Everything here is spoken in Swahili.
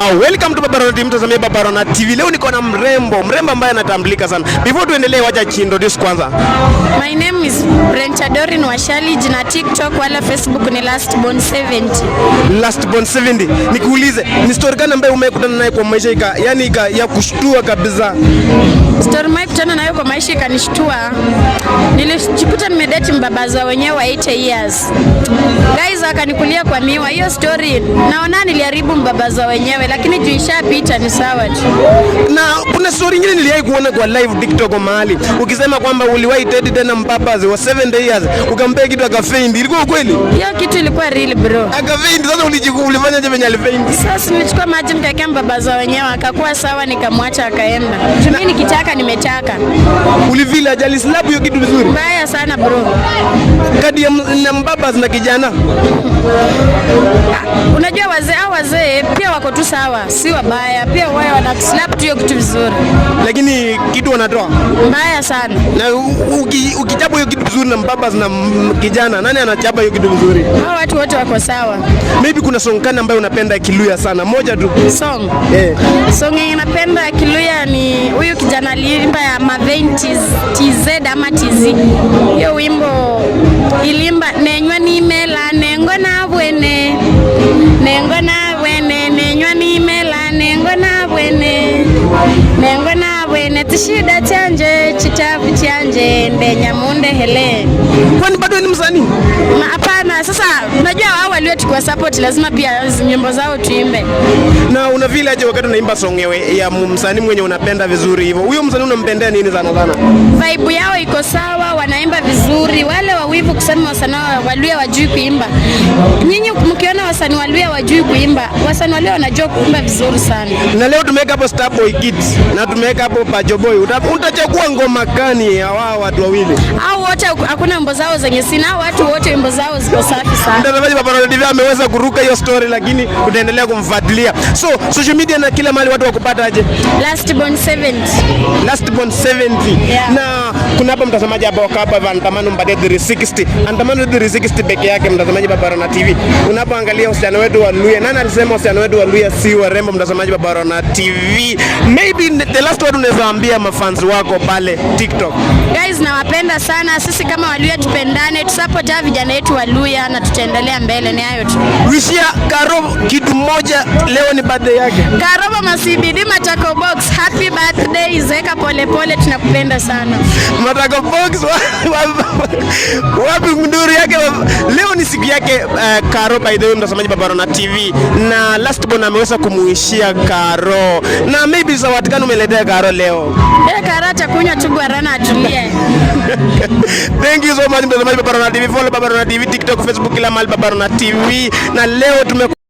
Uh, welcome to Babarona TV, mtazamia Babarona TV. Leo niko na mrembo, mrembo ambaye anatambulika sana. Before tuendelee, wacha chintroduce kwanza. My name is Brenta Dorin Washali, jina TikTok wala Facebook ni Last Born 70. Last Born 70. Nikuulize, ni story gani ambayo umekutana nayo kwa maisha ika, yani ika, ya kushtua kabisa? Story mimi kutana nayo kwa maisha ikanishtua. Nilijikuta nimedate mbabazi wa wenyewe wa 8 years. Guys, ukanikulia kwa miwa. Hiyo story naona niliharibu mbabaza wenyewe, lakini juu ishapita ni sawa tu. Na kuna story nyingine niliwahi kuona kwa live TikTok mahali ukisema kwamba uliwahi date tena mpapazi wa 7 days ukampea kitu akafaint, ilikuwa kweli? Hiyo kitu ilikuwa real bro, akafaint. Sasa ulijikuu ulifanya je venye alifaint? Sasa nilichukua maji nikawekea mbabaza wenyewe, akakuwa sawa, nikamwacha akaenda. Mimi nikitaka nimetaka. Ulivile ajali slap hiyo kitu vizuri? Mbaya sana bro mbaba zina kijana. Unajua wazee au wazee pia wako tu sawa, si wabaya pia, wao wanaslap tu hiyo kitu vizuri, lakini kitu wanatoa mbaya sana. Na ukichapa hiyo kitu vizuri na mbaba zina kijana, nani anachapa hiyo kitu vizuri? Hao watu wote wako sawa. Maybe kuna song kana ambayo unapenda Kiluya sana, moja tu song eh, song yenye napenda Kiluya ni huyu kijana aliimba ya Mavein TZ ama TZ, hiyo wimbo ilimba nenywa nimela nengo nabwene nengo nabwene nenywa nimela nengo nabwene nengo nabwene tishida chanje chitavu chanje ndenya mundehele bado ni msanii? Hapana. Sasa unajua wao waliotukua support lazima pia nyimbo zao tuimbe. Na una vile aje wakati unaimba song ya msanii mwenye unapenda vizuri hivyo, huyo msanii unampendea nini sana sana? Vibe yao iko sawa, wanaimba vizuri. Wale wawivu kusema wasanii Waluya wajui kuimba, nyinyi mkiona wasanii Waluya wajui kuimba, wasanii Waluya wanajua kuimba vizuri sana. Na leo tumeweka hapo Starboy Kids na tumeweka hapo Pacho utachagua ngoma gani ya wao watu wawili au wote? Hakuna nyimbo zao zenye Sina watu wote, wimbo zao ziko safi sana. Mtazamaji, Papa Roletiva ameweza kuruka hiyo story, lakini tutaendelea kumfuatilia. So social media na kila mahali watu wakupataje? Last born 70. born 70. Yeah. Na kuna hapa mtazamaji hapa wakaa hapa anatamani mbadia 360, anatamani 360 peke yake. Mtazamaji hapa Barona TV, unapoangalia usiano wetu wa Luya, nani alisema usiano wetu wa Luya si warembo? Mtazamaji hapa Barona TV, maybe the last word unaweza ambia mafans wako pale TikTok? Guys, nawapenda sana. Sisi kama Waluya tupendane, tusupport hawa vijana wetu wa Luya na tutaendelea mbele. Ni hayo tu. Wishia Karobo kitu moja, leo ni birthday yake. Karobo masibidi machako box, happy birthday, zeka pole pole tunakupenda sana matako Fox wapi nduru yake? Leo ni siku yake uh, Karo by the way, mtazamaji Babarona TV, na last born ameweza kumuishia Karo na maybe zawadi gani umeletea Karo leo? Eh, Karo atakunywa tu guarana atumie. Thank you so much mtazamaji Babarona TV, follow Babarona TV TikTok, Facebook, kila mahali Babarona TV, na leo tume